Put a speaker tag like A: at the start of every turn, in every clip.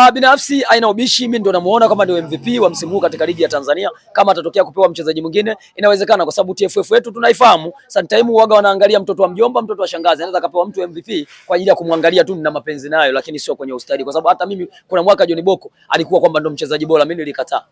A: Uh, binafsi aina ubishi mimi ndo namuona kama ndio MVP wa msimu huu katika ligi ya Tanzania. Kama atatokea kupewa mchezaji mwingine inawezekana, kwa sababu TFF wetu tunaifahamu, sometimes huaga wanaangalia mtoto wa mjomba, mtoto wa shangazi, anaweza kapewa mtu MVP kwa ajili ya kumwangalia tu na mapenzi nayo, lakini sio kwenye ustadi, kwa sababu hata mimi kuna mwaka John Boko alikuwa kwamba ndo mchezaji bora, mimi nilikataa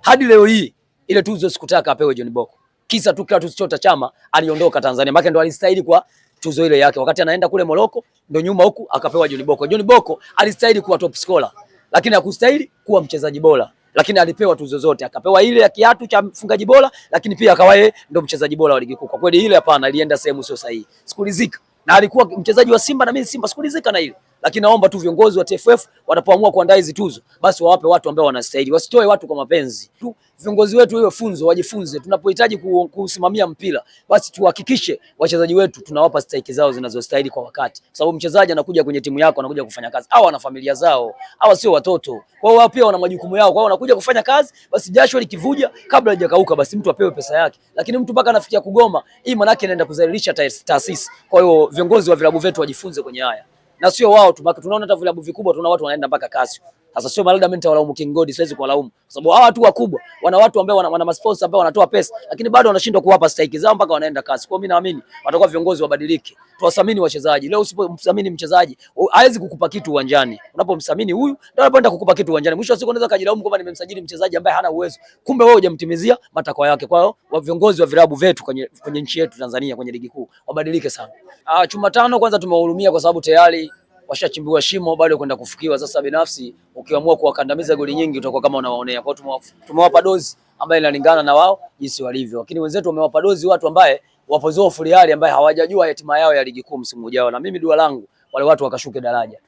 A: hadi leo hii, ile tuzo sikutaka apewe John Boko, kisa tu kila tusichota chama aliondoka Tanzania, maana ndo alistahili kwa tuzo ile yake wakati anaenda kule moroko ndio nyuma huku akapewa John Boko. John Boko alistahili kuwa top scorer, lakini hakustahili kuwa mchezaji bora, lakini alipewa tuzo zote, akapewa ile ya kiatu cha mfungaji bora, lakini pia akawa yeye ndio mchezaji bora wa ligi kuu. Kwa kweli ile hapana, alienda sehemu sio sahihi, sikulizika na alikuwa mchezaji wa Simba na mimi Simba sikulizika na ile lakini naomba tu viongozi wa TFF watapoamua kuandaa hizi tuzo, basi wawape watu ambao wanastahili, wasitoe watu kwa mapenzi tu. Viongozi wetu iwe funzo, wajifunze. Tunapohitaji kusimamia mpira, basi tuhakikishe wachezaji wetu tunawapa stahiki zao zinazostahili kwa wakati, kwa sababu mchezaji anakuja kwenye timu yako, anakuja kufanya kazi, au ana familia zao, au sio watoto, kwa hiyo pia wana majukumu yao, kwa hiyo wanakuja kufanya kazi, basi jasho likivuja kabla hajakauka, basi mtu apewe pesa yake, lakini mtu mpaka anafikia kugoma, hii maana yake inaenda kuzalilisha taasisi. Kwa hiyo viongozi wa vilabu vyetu wajifunze kwenye haya na sio wao tu, tunaona hata vilabu vikubwa, tunaona watu wanaenda mpaka kasi sasa sio Malda, mimi nitawalaumu King Gold, siwezi kuwalaumu kwa sababu hawa watu wakubwa wana watu ambao wana, wana sponsors ambao wanatoa pesa, lakini bado wanashindwa kuwapa stake zao mpaka wanaenda kasi. Kwa mimi naamini watakuwa viongozi wabadilike, tuwasamini wachezaji. Leo usipomsamini mchezaji hawezi kukupa kitu uwanjani, unapomsamini huyu ndio anapoenda kukupa kitu uwanjani. Mwisho wa siku unaweza kujilaumu kwamba nimemsajili mchezaji ambaye hana uwezo, kumbe wewe hujamtimizia matakwa yake. Kwa hiyo viongozi wa vilabu vyetu kwenye, kwenye nchi yetu Tanzania kwenye ligi kuu wabadilike sana. Ah, chuma tano kwanza tumewahurumia kwa sababu tayari washachimbiwa shimo bado kwenda kufukiwa. Sasa binafsi ukiamua kuwakandamiza goli nyingi utakuwa kama unawaonea. Kwa hiyo tumewapa dozi ambayo inalingana na wao jinsi walivyo, lakini wenzetu wamewapa dozi watu ambaye wapo zao furiali ambaye hawajajua hatima yao ya ligi kuu msimu ujao, na mimi dua langu wale watu wakashuke daraja,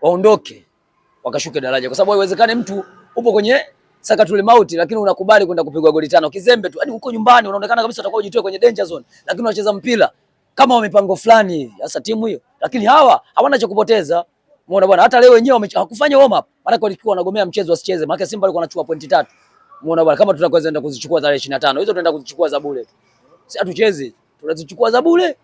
A: waondoke wakashuke daraja, kwa sababu haiwezekani mtu upo kwenye saka tule mauti, lakini unakubali kwenda kupigwa goli tano kizembe tu, hadi yaani uko nyumbani unaonekana kabisa utakao jitoe kwenye danger zone, lakini unacheza mpira kama wamepango fulani. Sasa timu hiyo lakini hawa hawana cha kupoteza. Umeona bwana, hata leo wenyewe hawakufanya warm up, maana walikuwa wanagomea mchezo wasicheze, maana Simba alikuwa anachukua pointi tatu. Umeona bwana, kama tunaweza kwenda kuzichukua tarehe 25 hizo tunaenda kuzichukua za bure, si hatuchezi, tunazichukua za bure,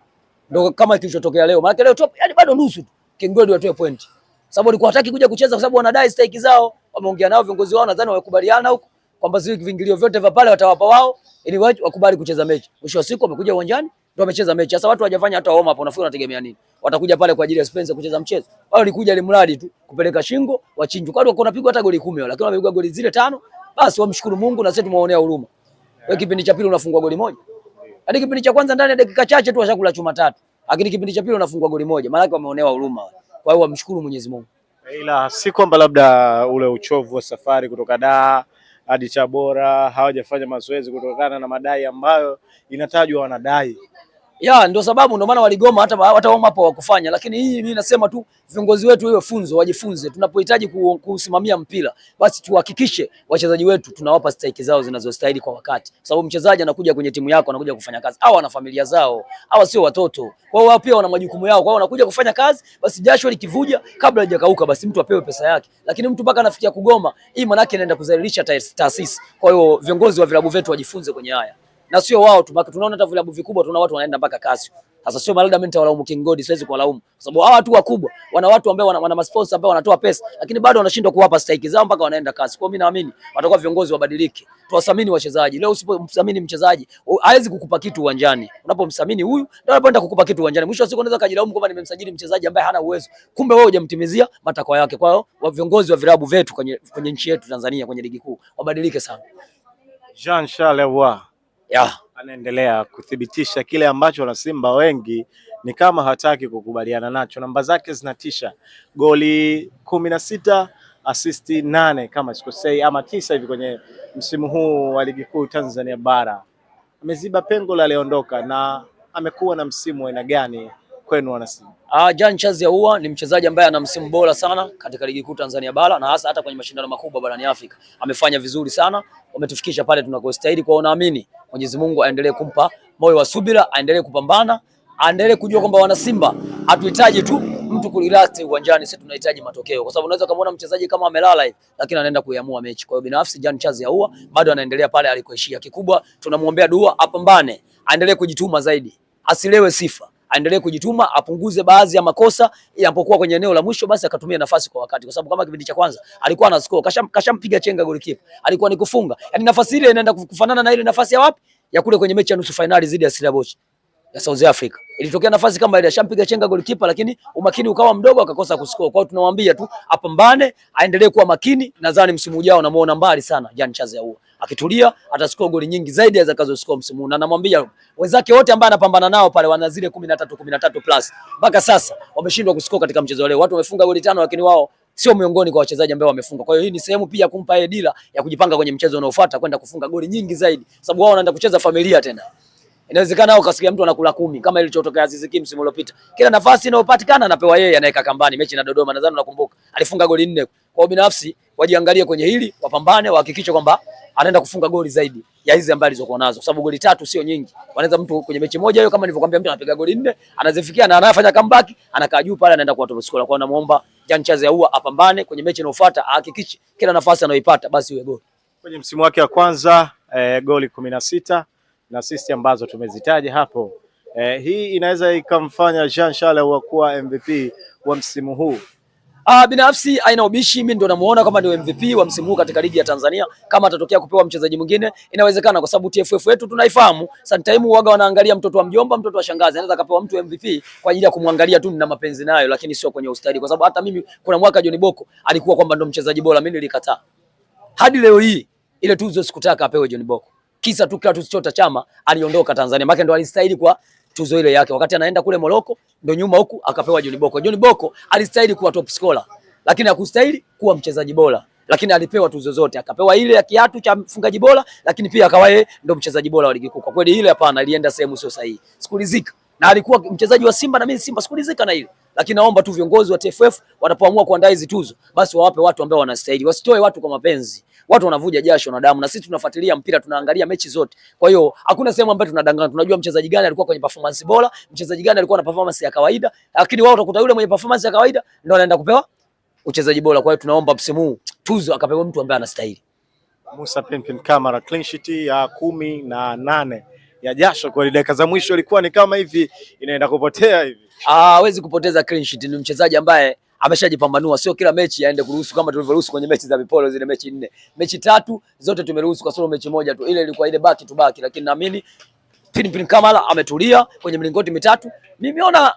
A: ndio kama kilichotokea leo. Maana leo top, yani bado nusu tu, kingodi watoe pointi, sababu walikuwa hataki kuja kucheza, kwa sababu wanadai stake zao. Wameongea nao viongozi wao, nadhani wamekubaliana huko kwamba zile vingilio vyote vya pale watawapa wao, ili wakubali kucheza mechi. Mwisho wa siku wamekuja uwanjani ndio amecheza mechi. Sasa watu hawajafanya hata homa hapo, unafikiri wanategemea nini? Watakuja pale kwa ajili ya Spencer kucheza mchezo? Wao walikuja ile mradi tu kupeleka shingo, wachinjwe. kwani wako napigwa hata goli kumi, lakini wamepigwa goli zile tano, basi wamshukuru Mungu na sisi tumewaonea huruma. Wewe kipindi cha pili unafungwa goli moja. Hadi yaani kipindi cha kwanza ndani ya dakika chache tu washakula chuma tatu. Lakini kipindi cha pili unafungwa goli moja, maana wameonewa huruma. Kwa hiyo wamshukuru Mwenyezi Mungu.
B: Ila si kwamba labda ule uchovu wa safari kutoka Dar hadi Tabora hawajafanya mazoezi kutokana na madai ambayo inatajwa wanadai
A: ya ndio sababu ndio maana waligoma hata hata warm up hawakufanya, lakini hii mimi nasema tu viongozi wetu wewe funzo, wajifunze. Tunapohitaji kusimamia mpira, basi tuhakikishe wachezaji wetu tunawapa stake zao zinazostahili kwa wakati, kwa sababu mchezaji anakuja kwenye timu yako anakuja kufanya kazi, au ana familia zao, au sio watoto, kwa hiyo pia wana majukumu yao, kwa hiyo anakuja kufanya kazi. Basi jasho likivuja kabla hajakauka, basi mtu apewe pesa yake, lakini mtu mpaka anafikia kugoma, hii maana yake inaenda kuzalilisha taasisi. Kwa hiyo viongozi wa vilabu vyetu wajifunze kwenye haya na sio wao tu, maana tunaona hata vilabu vikubwa tuna watu wanaenda mpaka kasi. Sasa sio malada, mimi nitawalaumu King God, siwezi kuwalaumu kwa sababu hawa watu wakubwa wana watu ambao wana, wana masponsa ambao wanatoa pesa, lakini bado wanashindwa kuwapa stake zao mpaka wanaenda kasi. Kwa mimi naamini watakuwa viongozi wabadilike, tuwasamini wachezaji. Leo usipomsamini mchezaji hawezi kukupa kitu uwanjani, unapomsamini huyu ndio anapoenda kukupa kitu uwanjani. Mwisho wa siku unaweza kujilaumu kwamba nimemsajili mchezaji ambaye hana uwezo, kumbe wewe hujamtimizia matakwa yake. Kwa hiyo wa viongozi wa vilabu vyetu kwenye, kwenye nchi yetu Tanzania kwenye ligi kuu wabadilike sana.
B: Jean Charles Lebois yeah. Anaendelea kuthibitisha kile ambacho wanasimba wengi ni kama hataki kukubaliana nacho. Namba zake zinatisha, goli kumi na sita asisti nane kama sikosei, ama tisa hivi kwenye msimu huu wa ligi kuu Tanzania bara. Ameziba pengo la aliondoka, na amekuwa na msimu aina gani kwenu Simba?
A: Ah, Jean Charles Ahoua ni mchezaji ambaye ana msimu bora sana katika ligi kuu Tanzania bara na hasa hata kwenye mashindano makubwa barani Afrika amefanya vizuri sana, wametufikisha pale tunakostahili, kwa unaamini Mwenyezi Mungu aendelee kumpa moyo wa subira, aendelee kupambana, aendelee kujua kwamba wana Simba hatuhitaji tu mtu kurelax uwanjani, sisi tunahitaji matokeo, kwa sababu unaweza kumuona mchezaji kama amelala hivi, lakini anaenda kuiamua mechi. Kwa hiyo binafsi Jan Chazi Ahoua bado anaendelea pale alikoishia. Kikubwa tunamwombea dua, apambane, aendelee kujituma zaidi, asilewe sifa aendelee kujituma, apunguze baadhi ya makosa, yanapokuwa kwenye eneo la mwisho, basi akatumia nafasi kwa wakati, kwa sababu kama kipindi cha kwanza alikuwa ana score, kashampiga chenga golikipa, alikuwa ni kufunga. Yani nafasi ile inaenda kufanana na ile nafasi ya wapi ya kule kwenye mechi ya nusu fainali dhidi ya Stellenbosch ya South Africa. Ilitokea nafasi kama ile, ashampiga chenga goalkeeper, lakini umakini ukawa mdogo, akakosa kuscore. Kwa hiyo tunamwambia tu apambane, aendelee kuwa makini. Nadhani msimu ujao namuona mbali sana Jan Chaza huo, akitulia atascore goli nyingi zaidi kazo score msimu, na namwambia wenzake wote ambao anapambana nao pale wana zile 13 13 plus, mpaka sasa wameshindwa kuscore katika mchezo leo. Watu wamefunga goli tano, lakini wao sio miongoni kwa wachezaji ambao wamefunga. Kwa hiyo hii ni sehemu pia kumpa yeye dira ya kujipanga kwenye mchezo unaofuata kwenda kufunga goli nyingi zaidi, sababu wao wanaenda kucheza familia tena. Inawezekana ukasikia mtu anakula kumi kama ilichotokea Aziz Ki msimu uliopita. Kila nafasi inayopatikana anapewa yeye, anaweka kambani. Mechi na Dodoma nadhani unakumbuka, alifunga goli nne. Kwa binafsi wajiangalie kwenye hili, wapambane, wahakikishe kwamba anaenda kufunga goli zaidi ya hizi ambazo alizokuwa nazo, kwa sababu goli tatu sio nyingi. Wanaweza mtu kwenye mechi moja hiyo, kama nilivyokuambia, mtu anapiga goli nne, anazifikia na anafanya comeback, anakaa juu pale, anaenda kwa top scorer. Kwa hiyo namuomba Jean Charles Ahoua apambane kwenye mechi inayofuata, ahakikishe kila nafasi anayoipata basi iwe goli.
B: Kwenye msimu wake wa kwanza eh, goli kumi na sita na sisi ambazo tumezitaja hapo. Eh, hii inaweza ikamfanya Jean Charles wa kuwa MVP wa msimu huu.
A: Ah, binafsi aina ubishi mimi ndo namuona kama ndio MVP wa msimu huu katika ligi ya Tanzania. Kama atatokea kupewa mchezaji mwingine inawezekana, kwa sababu TFF wetu tunaifahamu, sometime waga wanaangalia mtoto wa mjomba, mtoto wa shangazi, anaweza kapewa mtu MVP kwa ajili ya kumwangalia tu na mapenzi nayo, lakini sio kwenye ustadi, kwa sababu hata mimi kuna mwaka John Boko alikuwa kwamba ndo mchezaji bora, mimi nilikataa hadi leo hii, ile tuzo sikutaka apewe John Boko kisa tu Clatous Chota Chama aliondoka Tanzania, maana ndo alistahili kwa tuzo ile yake. Wakati anaenda kule Moroko ndo nyuma huku akapewa John Boko. John Boko alistahili kuwa top scorer, lakini hakustahili kuwa mchezaji bora, lakini alipewa tuzo zote, akapewa ile ya kiatu cha mfungaji bora, lakini pia akawa yeye ndo mchezaji bora wa ligi kuu. Kwa kweli ile hapana, alienda sehemu sio sahihi, Sikulizika. na alikuwa mchezaji wa Simba na mimi Simba sikulizika na ile lakini naomba tu viongozi wa TFF wanapoamua kuandaa hizi tuzo basi wawape watu ambao wanastahili, wasitoe watu kwa mapenzi watu wanavuja jasho na damu, na sisi tunafuatilia mpira, tunaangalia mechi zote. Kwa hiyo hakuna sehemu ambayo tunadanganya. Tunajua mchezaji gani alikuwa kwenye performance bora, mchezaji gani alikuwa na performance ya kawaida, lakini wao utakuta yule mwenye performance ya kawaida ndio anaenda kupewa uchezaji bora. Kwa hiyo tunaomba msimu huu tuzo akapewa mtu ambaye anastahili.
B: Musa Pimpin Kamara, clean sheet ya kumi na nane ya jasho kwa dakika za mwisho ilikuwa ni kama hivi inaenda kupotea hivi.
A: Ah, hawezi kupoteza clean sheet, ni mchezaji ambaye ameshajipambanua, sio kila mechi aende kuruhusu kama tulivyoruhusu kwenye mechi za vipolo zile mechi nne, mechi tatu zote tumeruhusu kwa sababu mechi moja tu, ile ilikuwa ile baki tu baki, lakini naamini Pinpin Kamala ametulia kwenye mlingoti mitatu. Mimi naona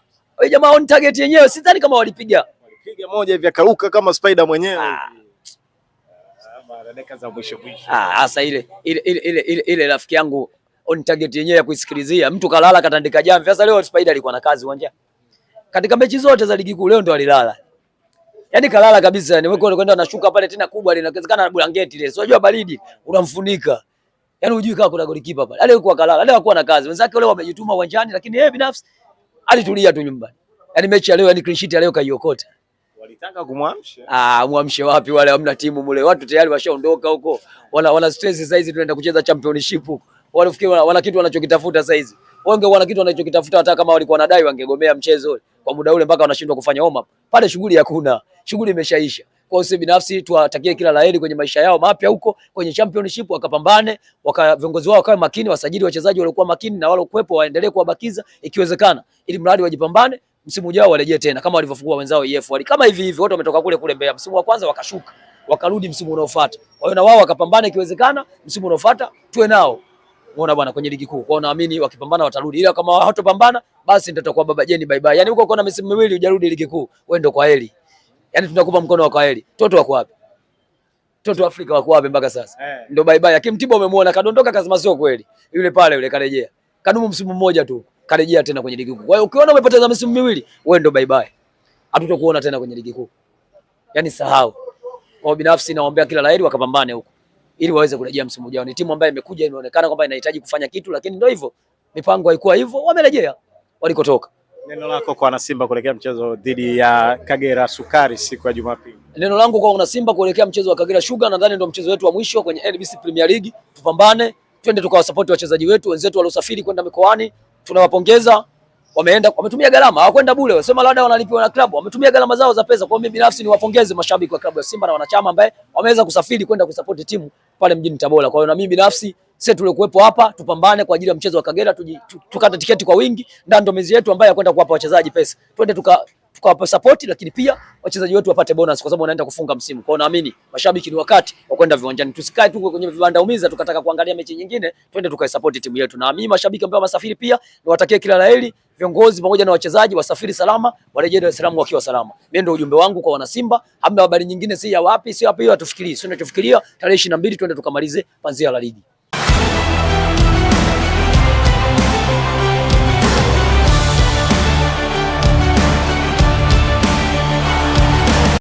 A: jamaa on target yenyewe sidhani kama walipiga
B: walipiga moja hivi akaruka kama spider mwenyewe ah.
A: ah sasa ah, ile ile ile ile ile rafiki yangu on target yenyewe ya kuisikilizia, mtu kalala katandika jamvi. Sasa leo Spider alikuwa na kazi uwanja katika mechi zote za ligi kuu, leo ndo alilala. Yaani kalala kabisa. Ni wewe kwenda unashuka pale tena kubwa linawezekana inawezekana blanketi ile. Unajua baridi unamfunika. Yaani hujui kama kuna golikipa pale. Ale yaani yuko kalala, ale yaani hakuwa na kazi. Wenzake wale wamejituma uwanjani lakini yeye binafsi alitulia tu nyumbani. Yaani mechi ya leo, yani clean sheet ya leo kaiokota.
B: Walitaka kumwamsha.
A: Ah, muamshe wapi wale hamna timu mule. Watu tayari washaondoka huko. Wana wana stress sasa hizi tunaenda kucheza championship huko. Wanafikiri wana, wana kitu wanachokitafuta sasa hizi. Wange wana kitu wanachokitafuta hata kama walikuwa wanadai wangegomea mchezo ule kwa muda ule mpaka wanashindwa kufanya warm up pale, shughuli hakuna, shughuli imeshaisha. Kwa hiyo binafsi tuwatakie kila laheri kwenye maisha yao mapya huko kwenye championship, wakapambane waka, viongozi wao wakawe makini, wasajili wachezaji waliokuwa makini na wale walokuwepo waendelee kuwabakiza ikiwezekana, ili mradi wajipambane msimu ujao warejee tena kama walivyofungua wenzao EF wali kama hivi hivi, wote wametoka kule kule Mbeya msimu wa kwanza wakashuka, wakarudi msimu unaofuata. Kwa hiyo na wao wakapambana, ikiwezekana msimu unaofuata tuwe nao, unaona bwana, kwenye ligi kuu. Kwa hiyo naamini wakipambana watarudi, ila kama hawatopambana basi ndio tutakuwa baba Jeni bye bye. Yaani uko kuna misimu miwili ujarudi ligi kuu, wewe ndio kwa heri. Yaani tunakupa mkono wa kwa heri. Toto wako wapi? Toto Afrika wako wapi mpaka sasa? Hey. Eh. Ndio bye bye. Hakim Tibo umemuona kadondoka kazima sio kweli. Yule pale yule karejea. Kadumu msimu mmoja tu, karejea tena kwenye ligi kuu. Kwa hiyo ukiona umepoteza misimu miwili, wewe ndio bye bye. Hatutakuona tena kwenye ligi kuu. Yaani sahau. Kwa binafsi naomba kila laheri wakapambane huko ili waweze kurejea msimu ujao. Ni timu ambayo imekuja inaonekana kwamba inahitaji kufanya kitu, lakini ndio hivyo, mipango haikuwa hivyo, wamerejea walikotoka.
B: Neno lako kwa wanasimba kuelekea mchezo dhidi ya Kagera Sukari siku ya Jumapili.
A: Neno langu kwa wanasimba kuelekea mchezo wa Kagera Sugar, nadhani ndio mchezo wetu wa mwisho kwenye NBC Premier League. Tupambane, twende tukawasapoti wachezaji wetu wenzetu waliosafiri kwenda mikoani, tunawapongeza wameenda wametumia gharama, hawakwenda bure. Wasema labda wanalipiwa na klabu, wametumia gharama zao za pesa. Kwa mimi binafsi niwapongeze mashabiki wa klabu ya Simba na wanachama ambao wameweza kusafiri kwenda kusupport timu pale mjini Tabora. Kwa hiyo na mimi binafsi sisi tuliokuwepo hapa tupambane kwa ajili ya mchezo wa Kagera, tukata tiketi kwa wingi, ndio ndo mezi yetu ambayo yakwenda kuwapa wachezaji pesa. Twende tuka tukawapa support, lakini pia wachezaji wetu wapate bonus, kwa sababu wanaenda kufunga msimu. Kwa naamini mashabiki ni wakati wa kwenda viwanjani, tusikae tu kwenye vibanda umiza tukataka kuangalia mechi nyingine, twende tukai support timu yetu. Naamini mashabiki ambao wasafiri pia niwatakie kila laheri, viongozi pamoja na wachezaji wasafiri salama, warejee Dar es Salaam wakiwa salama. Mimi ndio ujumbe wangu kwa wana Simba, Hamna habari nyingine, si ya wapi, si wapi, hiyo hatufikirii, sio tunachofikiria. Tarehe 22 twende tukamalize panzia la ligi.